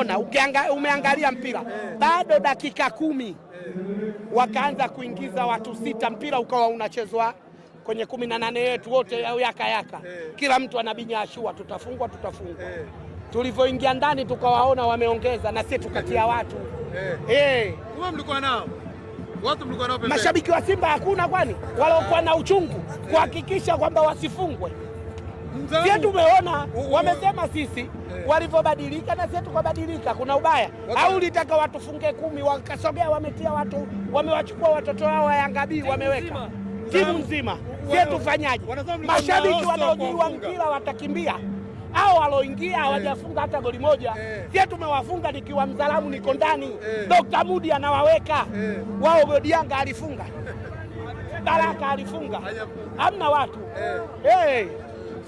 unaona ukianga, umeangalia mpira bado dakika kumi wakaanza kuingiza watu sita, mpira ukawa unachezwa kwenye kumi na nane yetu wote yaka yaka, kila mtu anabinya ashua, tutafungwa tutafungwa. Tulivyoingia ndani tukawaona wameongeza, na sisi tukatia watu eh, eh. mlikuwa nao watu mlikuwa nao, mashabiki wa Simba hakuna, kwani waliokuwa na uchungu kuhakikisha kwamba wasifungwe sie tumeona wamesema sisi eh. walivyobadilika na sisi tukabadilika, kuna ubaya okay. au litaka watufunge kumi, wakasogea wametia watu, wamewachukua watoto wao wayangabii, wameweka timu nzima, Sisi tufanyaje? Mashabiki wanaojua mpira watakimbia au waloingia eh. hawajafunga hata goli moja eh. Sie tumewafunga nikiwa Mzalamu niko ndani eh. Dr. Mudi anawaweka Wao Godianga alifunga Baraka alifunga hamna watu eh. Hey.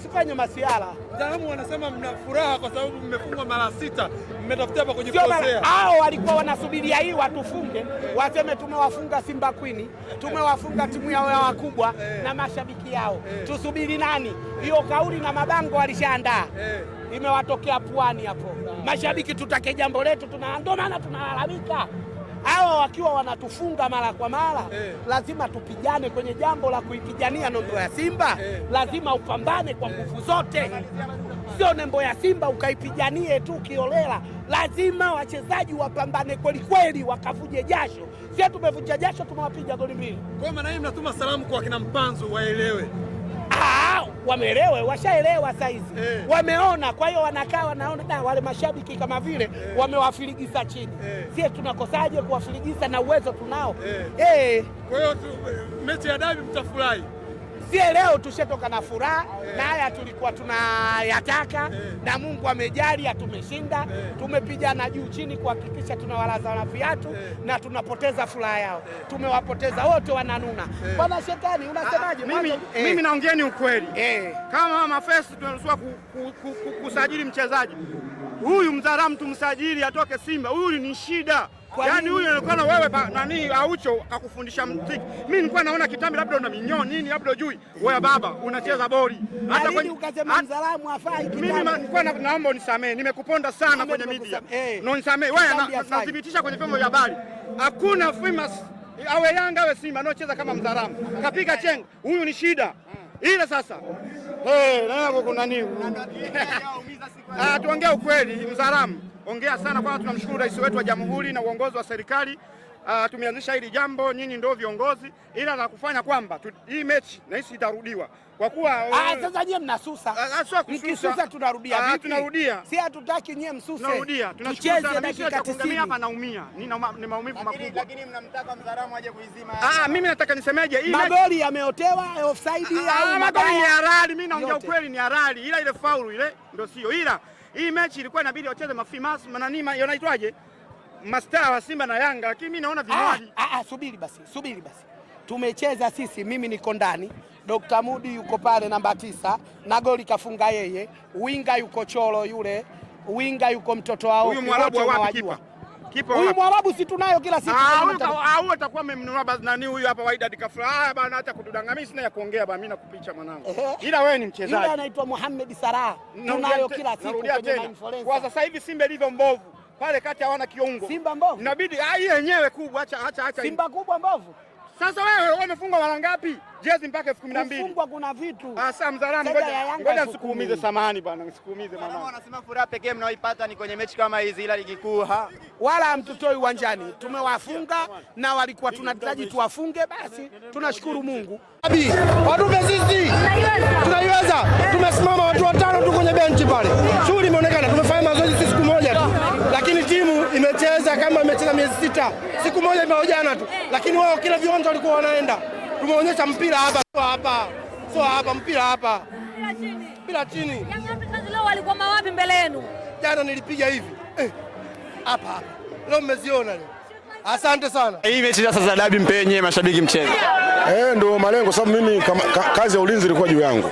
Sifanye masiara. Wataalamu wanasema mna furaha kwa sababu mmefungwa mara sita, mmetafuta hapa kujipozea. Hao walikuwa wanasubiria hii watufunge, waseme tumewafunga Simba Queen, tumewafunga timu yao ya wakubwa eh. na mashabiki yao. Eh. Tusubiri nani? Hiyo kauli na mabango walishaandaa eh. imewatokea puani hapo. Mashabiki tutake jambo letu, tuna ndio maana tunalalamika hawa wakiwa wanatufunga mara kwa mara eh, lazima tupigane kwenye jambo la kuipigania nembo ya Simba eh, lazima upambane kwa nguvu eh, zote. Sio nembo ya Simba ukaipiganie tu kiolela, lazima wachezaji wapambane kweli kweli, wakavuje jasho. sio tumevuja jasho, tumewapiga goli mbili. Kwa maana hii mnatuma salamu kwa kina Mpanzu waelewe wameelewe, washaelewa saizi eh, wameona. Kwa hiyo wanakaa wanaona, da, wale mashabiki kama vile eh, Wamewafirigisa chini eh. Sie tunakosaje kuwafirigisa na uwezo tunao eh. Eh. Kwa hiyo eh, mechi ya dabi mtafurahi sie leo tushetoka na furaha na haya tulikuwa tunayataka eh. na Mungu amejalia, tumeshinda yeah. tumepigana juu chini kuhakikisha tunawalaza na viatu eh. na tunapoteza furaha yao eh. tumewapoteza wote wananuna Bwana Shetani, unasemaje? Ah, mimi, eh, mimi naongeeni ukweli eh, kama Mafesi tunaruhusiwa kusajili mchezaji huyu mtu tumsajili atoke Simba, huyu ni shida. Yaani huyu anakuwa wewe pa, nani aucho kakufundisha mziki. Mimi nilikuwa naona kitambi labda una minyoo nini labda ujui. Wewe baba unacheza boli. Hata kwa ukasema mzalamu afai kitambi. Mimi nilikuwa naomba unisamee. Nimekuponda sana kwenye media. Eh. Na unisamee. Wewe nadhibitisha kwenye vyombo vya habari. Hakuna famous awe Yanga awe Simba anaocheza kama mzalamu. Kapiga chengo. Huyu ni shida. Hmm. Ile sasa Hey, kuna nini? Ah, ah, tuongee ukweli, Mzaramo, ongea sana, kwani tunamshukuru rais wetu wa Jamhuri na uongozi wa serikali uh, tumeanzisha hili jambo, nyinyi ndio viongozi, ila la kufanya kwamba hii mechi nahisi itarudiwa kwa kuwa ah, eh, sasa nyie mnasusa, mkisusa ah, ah, tunarudia, tunarudia, si hatutaki nyie msuse, tunarudia, tunacheze dakika 90 hapa. Naumia ni na, ni maumivu makubwa, lakini mnamtaka Mzaramo aje kuizima. Ah, mimi nataka nisemeje, ile magoli yameotewa eh, offside au magoli ya halali, mimi naongea ukweli, ni halali, ila ile faulu ile ndio sio, ila hii mechi ilikuwa inabidi wacheze mafimas mananima, yanaitwaje mastaa wa Simba na Yanga, lakini mimi naona vinywaji. Ah, ah, ah, subiri basi, subiri basi. Tumecheza sisi, mimi niko ndani, Dr. Mudi yuko pale namba tisa na goli kafunga yeye, winga yuko cholo yule, winga yuko mtoto wao. Huyu Mwarabu wa wapi kipa? Kipa huyu Mwarabu si tunayo kila siku. Ah, au atakuwa amemnunua nani huyu hapa Waida Dikafra. Ah, bana hata kutudanganya mimi sina ya kuongea bana, mimi nakupicha mwanangu. Ila wewe ni mchezaji. Yule anaitwa Mohamed Salah. Tunayo kila siku kwenye influencer. Kwa sasa hivi Simba ilivyo mbovu pale kati hawana kiungo. Simba mbovu. Inabidi ah, hii yenyewe kubwa, acha acha acha. Simba kubwa mbovu. Sasa wewe wamefungwa mara ngapi? Jezi mpaka elfu kumi na mbili. Kufungwa kuna vitu. Ah, sasa mzaramo, ngoja ngoja nisikuumize, samahani bwana, nisikuumize mama. Mama wanasema furaha pekee mnaoipata ni kwenye mechi kama hizi, ila ligi kuu ha. wala hamtutoi uwanjani. Tumewafunga na walikuwa tunahitaji tuwafunge, basi tunashukuru Mungu. Abi, Watupe sisi. Tunaiweza. Tumesimama watu watano tu kwenye benchi pale. Shughuli imeonekana. za miezi sita, siku moja imao jana tu, lakini wao kila viwanja walikuwa wanaenda. Tumeonyesha mpira hapa, sio hapa, sio hapa, mpira hapa, mpira chini. Walikuwa mawapi mbele yenu? Jana nilipiga hivi eh, hapa hapa, leo mmeziona leo Asante sana. Hii mechi sasa za dabi mpenye mashabiki mchezo. Eh, ndo malengo sababu mimi kama, ka, kazi ya ulinzi ilikuwa juu yangu.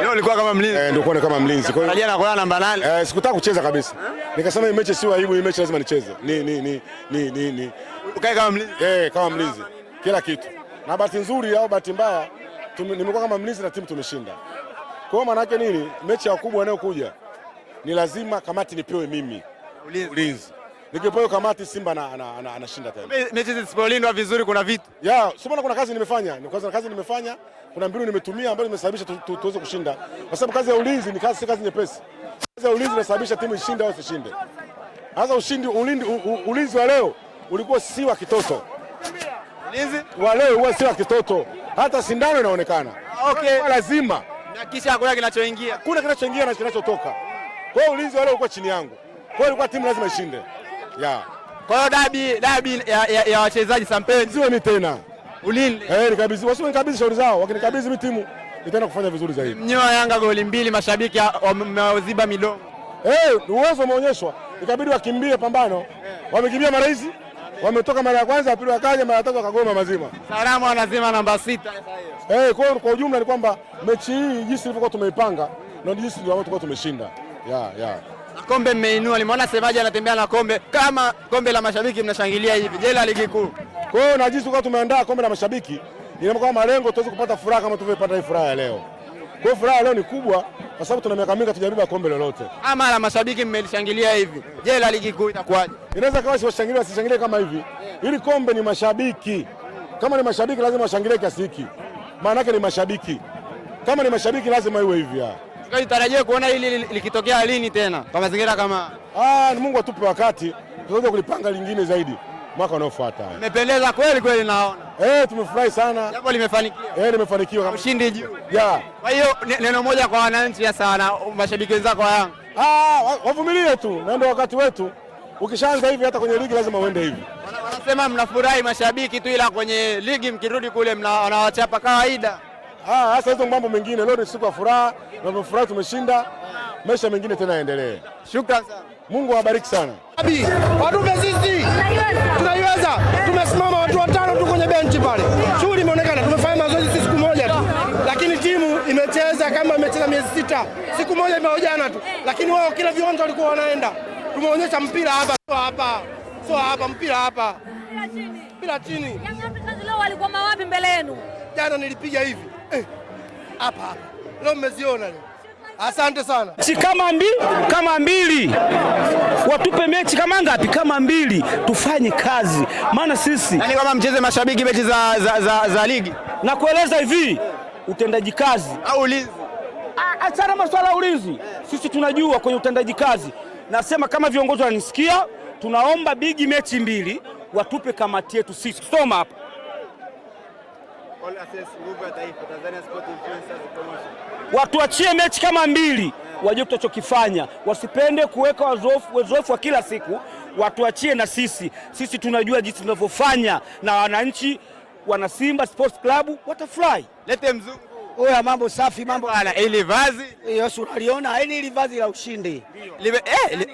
Leo nilikuwa kama mlinzi. Eh, ndio kama mlinzi. Kwa hiyo jana kwa namba 8. Eh, sikutaka kucheza kabisa. Nikasema hii mechi sio aibu, hii mechi lazima nicheze. Ni ni ni ni ni ni. Ukae kama mlinzi. Eh, kama mlinzi. Kila kitu. Na bahati nzuri au bahati mbaya nimekuwa kama mlinzi na timu tumeshinda. Kwa hiyo maana yake nini? Mechi ya kubwa inayokuja ni lazima kamati nipewe mimi. Ulinzi. ulinzi nikipo hiyo kamati Simba na anashinda tena. Mechi zisipolindwa vizuri kuna vitu. ya sio kuna kazi nimefanya. Ni kwanza kazi nimefanya, kuna mbinu nimetumia ambayo zimesababisha tuweze kushinda. Kwa sababu kazi ya ulinzi ni kazi si kazi nyepesi. Kazi ya ulinzi inasababisha timu ishinde au isishinde. Sasa ushindi ulinzi ulinzi wa leo ulikuwa si wa kitoto. Ulinzi wa leo ulikuwa si wa kitoto. Hata sindano inaonekana. Ah, okay. kwa Lazima. Na kisha hakuna kinachoingia. kuna kinachoingia na kinachotoka. Kwa hiyo ulinzi wa leo ulikuwa chini yangu. Kwa hiyo ilikuwa timu lazima ishinde ya. Kwa hiyo dabi dabi ya, ya, ya wachezaji Sampeni sio mimi tena. Ulini. Eh, nikabidhi wasio nikabidhi shauri zao, wakinikabidhi mimi timu itaenda kufanya vizuri zaidi. Mnyoa Yanga goli mbili, mashabiki wameziba midomo. Eh, uwezo umeonyeshwa. Ikabidi wakimbie pambano. Eh. Wamekimbia mara hizi. Wametoka mara ya kwanza, pili wakaja, mara ya tatu wakagoma mazima. Salama wanazima namba sita. Eh, kwa kwa ujumla ni kwamba mechi hii jinsi ilivyokuwa tumeipanga na jinsi ambavyo tulikuwa tumeshinda. Yeah, yeah kombe mmeinua, limeona Semaji anatembea na kombe kama kombe la mashabiki, mnashangilia hivi jela ligi kuu? Kwa hiyo na jinsi kwa tumeandaa kombe la mashabiki, kwa malengo tuweze kupata furaha kama tulivyopata hii furaha ya leo. Kwa hiyo furaha leo ni kubwa kwa sababu tuna miaka mingi hatujabeba kombe lolote. Ama ah, la mashabiki mmelishangilia hivi, jela ligi kuu itakuwaje? Inaweza kawa siwashangilia, wasishangilie kama hivi. ili kombe ni mashabiki, kama ni mashabiki lazima washangilie kiasi hiki, maana yake ni mashabiki, kama ni mashabiki lazima iwe hivi. Tutarajia kuona hili likitokea lini tena kwa mazingira kama ah, Mungu atupe wakati tuweze kulipanga lingine zaidi mwaka unaofuata. Nimependeza kweli kweli, naona eh, tumefurahi sana, jambo limefanikiwa. Eh, limefanikiwa kama ushindi juu ya. Kwa hiyo neno moja kwa wananchi hasa na mashabiki wenzako wa Yanga, ah, wavumilie tu, ndio wakati wetu. Ukishaanza hivi hata kwenye ligi lazima uende hivi. Wanasema mnafurahi mashabiki tu, ila kwenye ligi mkirudi kule wanawachapa kawaida. Ah, sasa hizo mambo mengine, leo ni siku ya furaha tunavyofurahi tumeshinda, maisha mengine tena yaendelee. Shukran sana, Mungu awabariki sana. Watupe sisi, tunaiweza. Tumesimama watu watano tu kwenye benchi pale, shughuli imeonekana. Tumefanya mazoezi sisi siku moja tu, lakini timu imecheza kama imecheza miezi sita, siku moja imeojana tu, lakini wao kila viwanja walikuwa wanaenda. Tumeonyesha mpira hapa, sio hapa, sio hapa, mpira hapa, mpira chini. Yanga Africans leo walikuwa mawapi mbele yenu? Jana nilipiga hivi eh, hapa hapa leo mmeziona leo. Asante sana. Si kama mbili, kama mbili watupe mechi kama ngapi? Kama mbili, tufanye kazi, maana sisi yaani kama mcheze mashabiki mechi za, za, za, za ligi na kueleza hivi utendaji kazi au ulinzi, achana masuala ya ulinzi, sisi tunajua kwenye utendaji kazi. Nasema kama viongozi wananisikia, tunaomba bigi mechi mbili watupe kamati yetu sisi, soma hapa Watuachie mechi kama mbili, wajue tutachokifanya, wasipende kuweka wazoefu wa kila siku, watuachie na sisi. Sisi tunajua jinsi tunavyofanya, na wananchi wana Simba Sports Club watafurahi. Lete mzungu Oya, mambo safi, mambo ala. Ili vazi hiyo unaliona, yani ili vazi la ushindi Libe, eh, yaani li...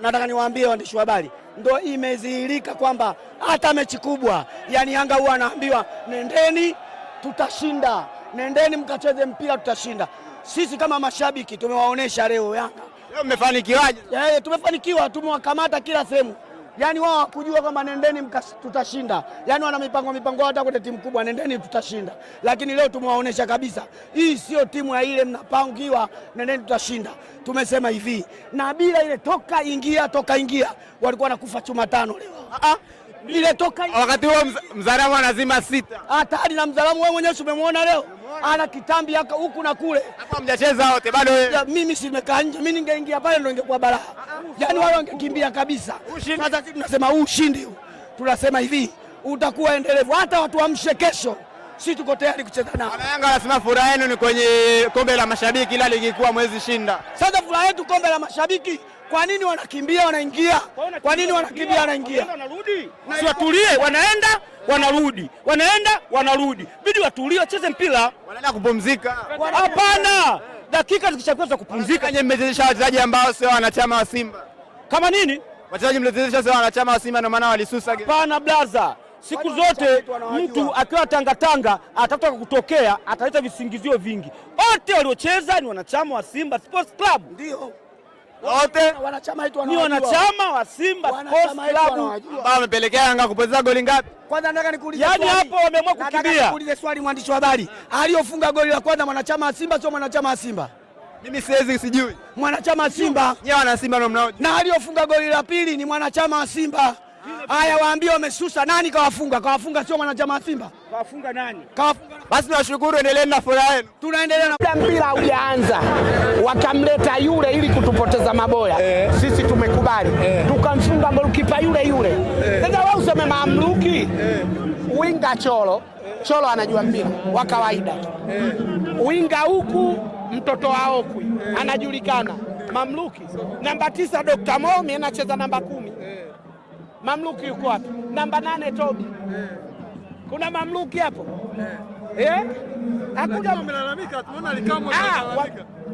nataka niwaambie waandishi wa habari, ndo imezihirika kwamba hata mechi kubwa, yani Yanga huwa anaambiwa nendeni tutashinda, nendeni mkacheze mpira, tutashinda. Sisi kama mashabiki tumewaonesha leo Yanga. Leo mmefanikiwaje? Eh, tumefanikiwa, tumewakamata kila sehemu. Yaani wao hakujua kwamba nendeni tutashinda. Yaani wana mipango mipango, hata kwenye timu kubwa nendeni tutashinda, lakini leo tumewaonesha kabisa, hii sio timu ya ile mnapangiwa nendeni tutashinda. Tumesema hivi na bila ile toka ingia toka ingia, walikuwa nakufa chuma tano leo. Ah, ah liletoka wakati huo Mzaramo anazima sita hatari na Mzaramo, wewe mwenyewe umemwona leo ana kitambi yako huku na kule, mjacheza wote bado. Mimi si nimekaa nje, mimi ningeingia pale ndo ingekuwa balaa, ah, ah, yaani wao wangekimbia kabisa. Sasa tunasema huu ushindi huu, tunasema hivi utakuwa endelevu, hata watu waamshe kesho, si tuko tayari kucheza nao. Wana Yanga wanasema furaha yenu ni kwenye kombe la mashabiki, ila lingekuwa mwezi shinda. Sasa furaha yetu kombe la mashabiki kwa nini wanakimbia wanaingia? Kwa nini wanakimbia wanaingia? Si watulie, wanaenda wanarudi, wanaenda wanarudi, bidi watulie, wacheze mpira. Wanaenda kupumzika? Hapana, dakika zikishakuwa za kupumzika. Nyinyi mmezesha wachezaji ambao sio wanachama wa Simba kama nini? Wachezaji mlichezesha sio wanachama wa Simba, ndio maana walisusa. Hapana blaza, siku zote mtu akiwa tangatanga atatoka kutokea ataleta visingizio vingi. Wote waliocheza ni wanachama wa Simba Sports Club, ndio wote ni wanachama wa Simba Sports Club ambao wamepelekea Yanga kupoteza goli ngapi? Kwanza nataka nikuulize yaani swali. Yaani hapo wameamua kukimbia. nikuulize swali mwandishi wa habari. Aliyofunga goli la kwanza mwanachama wa Simba sio mwanachama wa Simba? Mimi siwezi sijui. Mwanachama wa Simba. Yeye ana Simba ndio mnao. Na aliyofunga goli la pili ni mwanachama wa Simba. Haya waambie wamesusa nani kawafunga? Kawafunga sio mwanachama wa Simba. Kawafunga nani? Kawafunga basi nawashukuru, endeleeni na furaha yenu. Tunaendelea na mpira ujaanza wakamleta yule ili kutupoteza maboya eh. Sisi tumekubali eh. Tukamfunga golikipa yule yule eh. sasa eh. Wewe useme mamluki eh. Winga cholo eh. cholo anajua mpira wa kawaida eh. Winga huku mtoto wa Okwi eh. Anajulikana mamluki namba tisa Dr. Momi anacheza namba kumi eh. Mamluki yuko wapi? Namba nane Tobi eh. Kuna mamluki hapo eh. Eh? Eh? Akuja ah,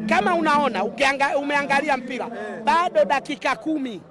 kama unaona umeangalia mpira eh. bado dakika kumi.